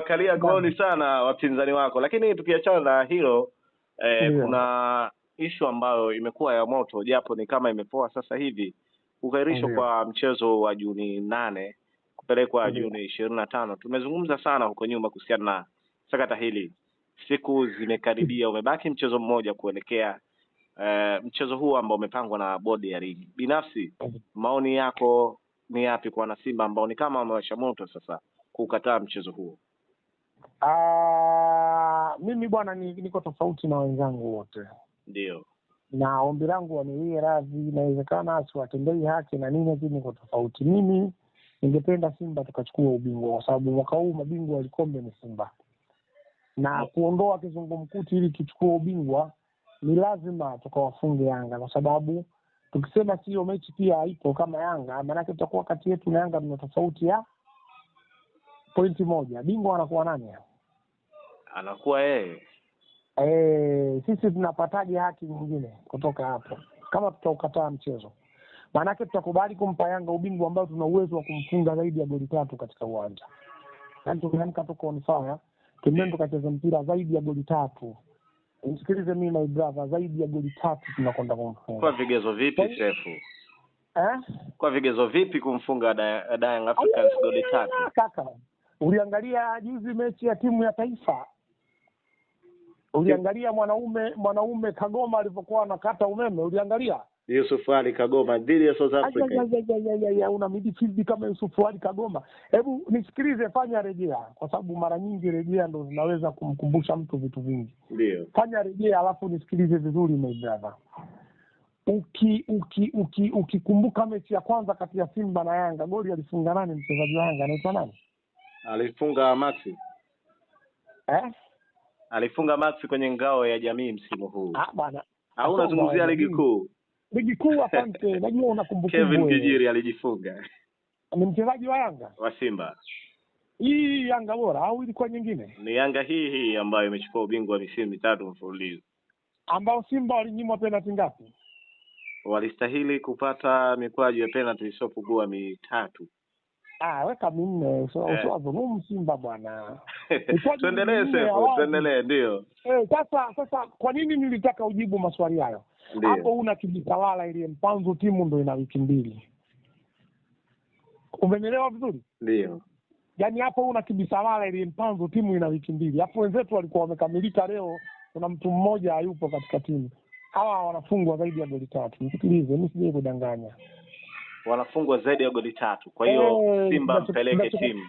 unawakalia goli sana wapinzani wako, lakini tukiachana na hilo eh, yeah. kuna ishu ambayo imekuwa ya moto japo ni kama imepoa sasa hivi kuhairishwa kwa mchezo wa Juni nane kupelekwa Juni ishirini na tano. Tumezungumza sana huko nyuma kuhusiana na sakata hili. Siku zimekaribia, umebaki mchezo mmoja kuelekea uh, mchezo huu ambao umepangwa na bodi ya ligi. Binafsi, maoni yako ni yapi kwa wanasimba ambao ni kama wamewasha moto sasa kuukataa mchezo huo? Ah, mimi bwana niko tofauti na wenzangu wote, ndio na ombi langu waniwie radhi. Inawezekana siwatendei haki na nini, lakini niko tofauti. Mimi ningependa Simba tukachukua ubingwa, kwa sababu mwaka huu mabingwa walikombe ni Simba na kuondoa kizungumkuti ili tuchukua ubingwa ni lazima tukawafunge Yanga, kwa sababu tukisema sio mechi pia haipo kama Yanga, maanake tutakuwa kati yetu na Yanga mna tofauti ya pointi moja. Bingwa anakuwa nani? anakuwa yeye e, sisi tunapataje haki nyingine kutoka hapo kama tutaukataa mchezo? Maanake tutakubali kumpa Yanga ubingwa ambao tuna uwezo wa kumfunga zaidi ya goli tatu katika uwanja, yaani tukiamka tuko on fire, tuendeni tukacheza mpira zaidi ya goli tatu Msikilize mimi my brother, zaidi ya goli tatu tunakwenda kumfunga. Kwa vigezo vipi shefu eh? Kwa vigezo vipi kumfunga Young Africans goli tatu? Kaka, uliangalia juzi mechi ya timu ya taifa Uliangalia mwanaume mwanaume Kagoma alivyokuwa anakata umeme, uliangalia Yusuf Ali Kagoma dhidi ya South Africa. Ya, una midfield kama Yusuf Ali Kagoma. Hebu nisikilize, fanya rejea, kwa sababu mara nyingi rejea ndo zinaweza kumkumbusha mtu vitu vingi. Ndio, fanya rejea alafu nisikilize vizuri, my brother. Uki uki uki ukikumbuka mechi ya kwanza kati ya Simba na Yanga, goli alifunga nani? Mchezaji wa Yanga anaitwa nani? Alifunga Maxi eh? alifunga max kwenye ngao ya jamii msimu huu ah, bwana, au unazungumzia ligi kuu? Ligi kuu, asante. Najua unakumbuka Kevin Kijiri alijifunga, ni mchezaji wa Yanga wa Simba. Hii Yanga bora au ilikuwa nyingine? Ni Yanga hii hii ambayo imechukua ubingwa wa misimu mitatu mfululizo, ambao Simba walinyimwa penalti ngapi? Walistahili kupata mikwaju ya penalti isiyopungua mitatu. Ah, weka minne, eh. usiwadhulumu Simba bwana tuendelee Sefu, tuendelee. Ndio eh, sasa sasa, kwa nini nilitaka ujibu maswali hayo hapo? Una kijitawala ile mpanzo, timu ndo ina wiki mbili, umenielewa vizuri? Ndio yaani hapo una kibisawala ile mpanzo, timu ina wiki mbili. Hapo wenzetu walikuwa wamekamilika leo, kuna mtu mmoja hayupo katika timu. Hawa wanafungwa zaidi ya goli tatu, nisikilize, mi sijai kudanganya, wanafungwa zaidi ya goli tatu. Kwa hiyo eh, Simba mpeleke timu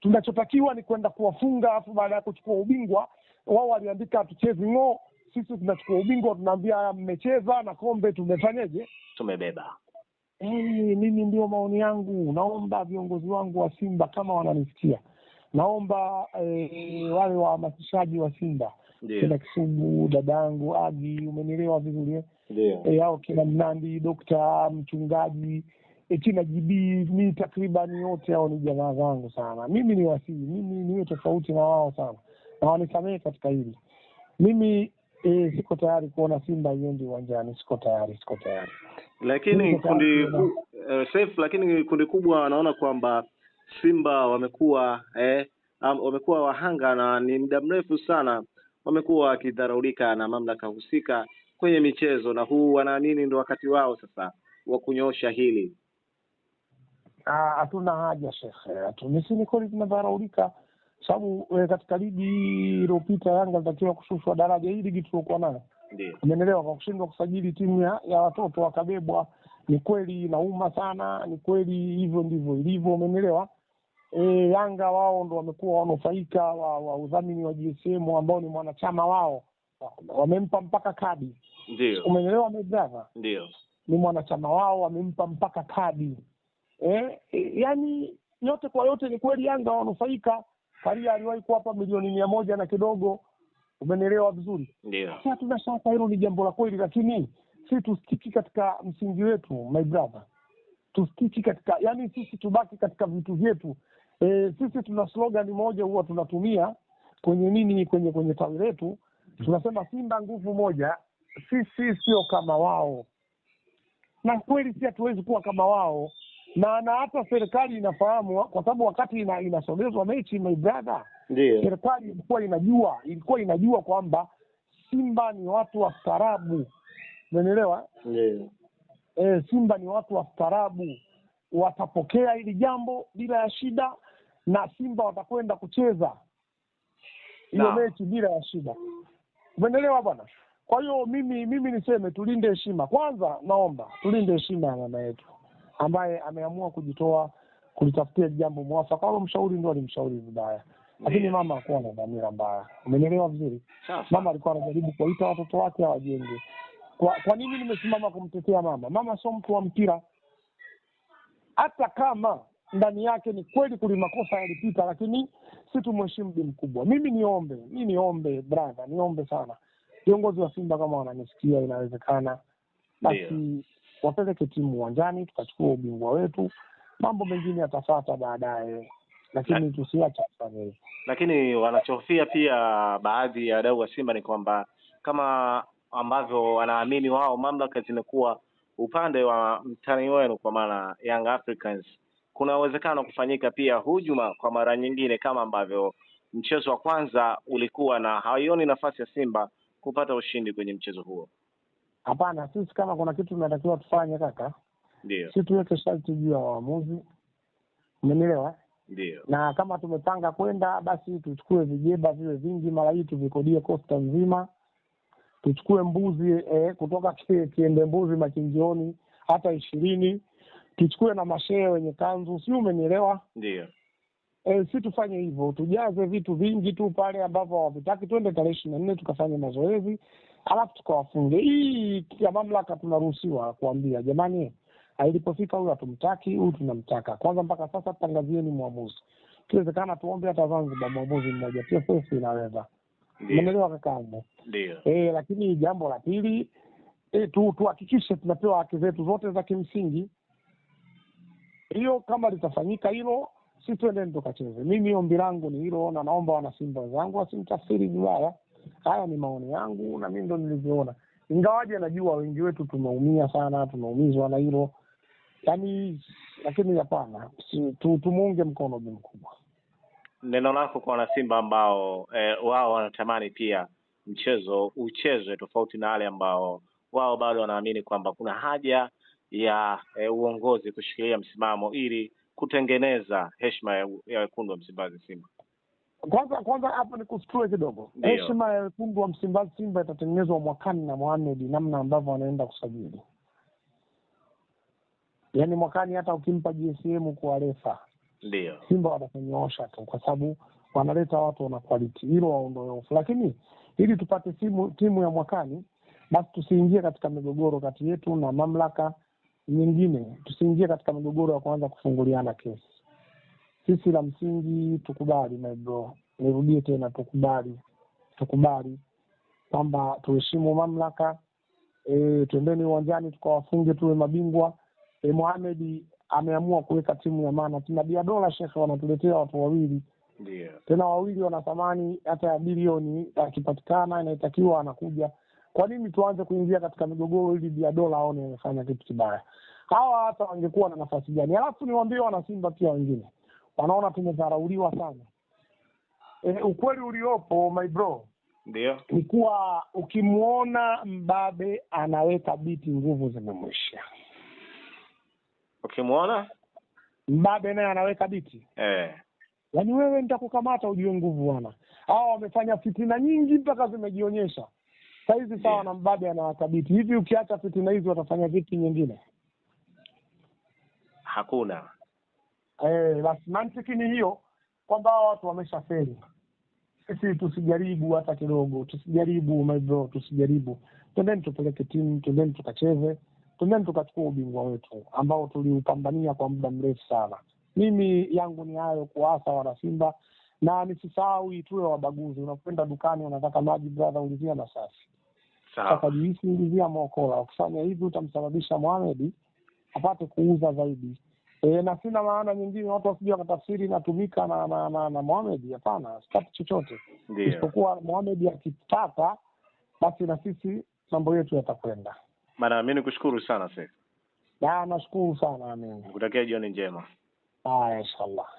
Tunachotakiwa ni kwenda kuwafunga, alafu baada ya kuchukua ubingwa wao waliandika hatuchezi ng'oo, sisi tunachukua ubingwa, tunaambia mmecheza na kombe tumefanyeje, tumebeba. Hey, mimi ndio maoni yangu. Naomba viongozi wangu wa Simba kama wananisikia, naomba eh, wale wahamasishaji wa Simba kina Kisugu, dada yangu Agi, umenielewa vizuri eh? eh Au kina Mnandi, dokta mchungaji eti najibii takriban yote au ni jamaa zangu sana. Mimi ni wasili, mimi niwe tofauti na wao sana, na wanisamehe katika hili. Mimi e, siko tayari kuona Simba iendi uwanjani, siko tayari, siko tayari. Lakini kundi uh, safe, lakini kundi kubwa wanaona kwamba Simba wamekuwa eh, um, wamekuwa wahanga na ni muda mrefu sana wamekuwa wakidharaulika na mamlaka husika kwenye michezo, na huu wanaamini ndo wakati wao sasa wa kunyosha hili. Ah, hatuna haja shekhe, ni kweli tunadharaulika sababu e, katika ligi iliyopita Yanga alitakiwa kushushwa daraja. Hii ligi tuliokuwa nayo umeelewa, kwa kushindwa kusajili timu ya, ya watoto wakabebwa. Ni kweli inauma sana, ni kweli hivyo ndivyo ilivyo, umeelewa. E, eh, Yanga wao ndo wamekuwa wanufaika wa, wa udhamini wa GSM ambao ni mwanachama wao, wamempa mpaka kadi, umeelewa. ni mwanachama wao, wamempa mpaka kadi Eh, eh, yani yote kwa yote ni kweli Yanga wanufaika. Karia aliwahi kuwapa milioni mia moja na kidogo, umenielewa vizuri? Ndio, hatuna shaka, hilo ni jambo la kweli, lakini si tustiki katika msingi wetu, my brother, tustiki katika yani, sisi tubaki katika vitu vyetu. E, sisi tuna slogan moja huwa tunatumia kwenye nini, kwenye kwenye tawi letu tunasema Simba nguvu moja, sisi sio kama wao, na kweli si hatuwezi kuwa kama wao na na hata serikali inafahamu, kwa sababu wakati ina, inasogezwa mechi my brother, ndio serikali ilikuwa inajua ilikuwa inajua kwamba Simba ni watu wa starabu, umeelewa? Ndio e, Simba ni watu wa starabu, watapokea hili jambo bila ya shida, na Simba watakwenda kucheza hiyo mechi bila ya shida, umeelewa bwana? Kwa hiyo mimi mimi niseme tulinde heshima kwanza, naomba tulinde heshima ya mama yetu ambaye ameamua kujitoa kulitafutia jambo mwafaka, wala mshauri ndo alimshauri vibaya, lakini mama hakuwa na dhamira mbaya. Umenielewa vizuri? Mama alikuwa anajaribu kuwaita watoto wake awajenge. Kwa, kwa nini nimesimama kumtetea mama? Mama sio mtu wa mpira, hata kama ndani yake ni kweli kuli makosa yalipita, lakini si tumheshimu bi mkubwa. Mimi niombe, mi niombe brother, niombe sana viongozi wa Simba kama wananisikia, inawezekana basi wapeleke timu uwanjani, tukachukua ubingwa wetu, mambo mengine yatafata baadaye, lakini La... tusiache kufanya hivyo. Lakini wanachofia pia baadhi ya wadau wa Simba ni kwamba kama ambavyo wanaamini wao, mamlaka zimekuwa upande wa mtani wenu kwa maana Young Africans, kuna uwezekano kufanyika pia hujuma kwa mara nyingine, kama ambavyo mchezo wa kwanza ulikuwa na haioni nafasi ya Simba kupata ushindi kwenye mchezo huo. Hapana, sisi kama kuna kitu tunatakiwa tufanye kaka, ndio si tuweke sharti juu ya waamuzi, umenielewa? Ndio. Na kama tumepanga kwenda, basi tuchukue vijeba viwe vingi, mara hii tuvikodie kosta nzima, tuchukue mbuzi eh, kutoka kiende mbuzi machinjioni hata ishirini, tuchukue na mashehe wenye kanzu, si umenielewa? Ndio. E, si tufanye hivyo, tujaze vitu vingi tu pale ambavyo hawavitaki. Twende tarehe ishirini na nne tukafanye mazoezi, alafu tukawafunge. Hii ya mamlaka tunaruhusiwa kuambia jamani, ilipofika huyu hatumtaki, huyu tunamtaka. Kwanza mpaka sasa tangazieni mwamuzi, kiwezekana tuombe hata Zanzibar mwamuzi mmoja TFF inaweza umeelewa kakaangu? E, lakini jambo la pili e, tu tuhakikishe tunapewa haki zetu zote za kimsingi. Hiyo kama litafanyika hilo, si tuendeni tukacheze. Mimi ombi langu ni hilo, na naomba wanasimba wenzangu wasimtafsiri vibaya. Haya ni maoni yangu na mimi ndo nilivyoona, ingawaje najua wengi wetu tumeumia sana, tumeumizwa na hilo yani lakini hapana, tu, tumuunge mkono bi mkubwa. Neno lako kwa wanasimba ambao e, wao wanatamani pia mchezo uchezwe tofauti na wale ambao wao bado wanaamini kwamba kuna haja ya e, uongozi kushikilia msimamo ili kutengeneza heshima ya wekundu wa Msimbazi Simba. Kwanza kwanza hapa ni kustue kidogo, heshima ya wekundu wa Msimbazi Simba itatengenezwa mwakani na Mohamed, namna ambavyo wanaenda kusajili. Yaani mwakani hata ukimpa GSM kuwa refa, ndio Simba watakunyoosha tu, kwa sababu wanaleta watu wana quality, hilo waondoe hofu. Lakini ili tupate timu timu ya mwakani, basi tusiingie katika migogoro kati yetu na mamlaka nyingine, tusiingie katika migogoro ya kuanza kufunguliana kesi. Sisi la msingi tukubali, my bro, nirudie tena, tukubali, tukubali kwamba tuheshimu mamlaka e, tuendeni uwanjani tukawafunge, tuwe mabingwa e, Mohamed ameamua kuweka timu ya maana tuna dola shekhe, wanatuletea watu wawili yeah. Tena wawili wana thamani hata ya bilioni, akipatikana inaitakiwa anakuja. Kwa nini tuanze kuingia katika migogoro ili dola aone amefanya kitu kibaya? Hawa hata wangekuwa na nafasi gani? Alafu niwaambie wanasimba pia wengine wanaona tumedharauliwa sana. E, ukweli uliopo my bro ndio ni kuwa ukimwona mbabe anaweka biti, nguvu zimemwisha. Ukimwona mbabe naye anaweka biti eh, yaani wewe nitakukamata, ujue nguvu wana Hawa wamefanya fitina nyingi mpaka zimejionyesha sahizi, sawa yeah. na mbabe anaweka biti hivi, ukiacha fitina hizi watafanya vipi nyingine? Hakuna eh, mantiki ni hiyo kwamba hawa watu wameshafeli. Sisi tusijaribu hata kidogo, tusijaribu maivyo, tusijaribu. Twendeni tupeleke timu, twendeni tukacheze, twendeni tukachukua ubingwa wetu ambao tuliupambania kwa muda mrefu sana. Mimi yangu ni hayo, kuasa wanasimba na nisisahau tuwe wabaguzi. Unakwenda dukani, unataka maji bradha, ulizia Masafi. Sasa juisi, ulizia Mokola. Ukifanya hivi utamsababisha Mohamed apate kuuza zaidi E, na sina maana nyingine, watu wasije wakatafsiri inatumika na na, na, na Mohamed. Hapana, sitaki chochote isipokuwa Mohamed akitaka basi na sisi mambo yetu yatakwenda. Maana mi nikushukuru sana Sheikh. Ah, nashukuru sana mimi. Nikutakia jioni njema. Haya, ah, inshallah.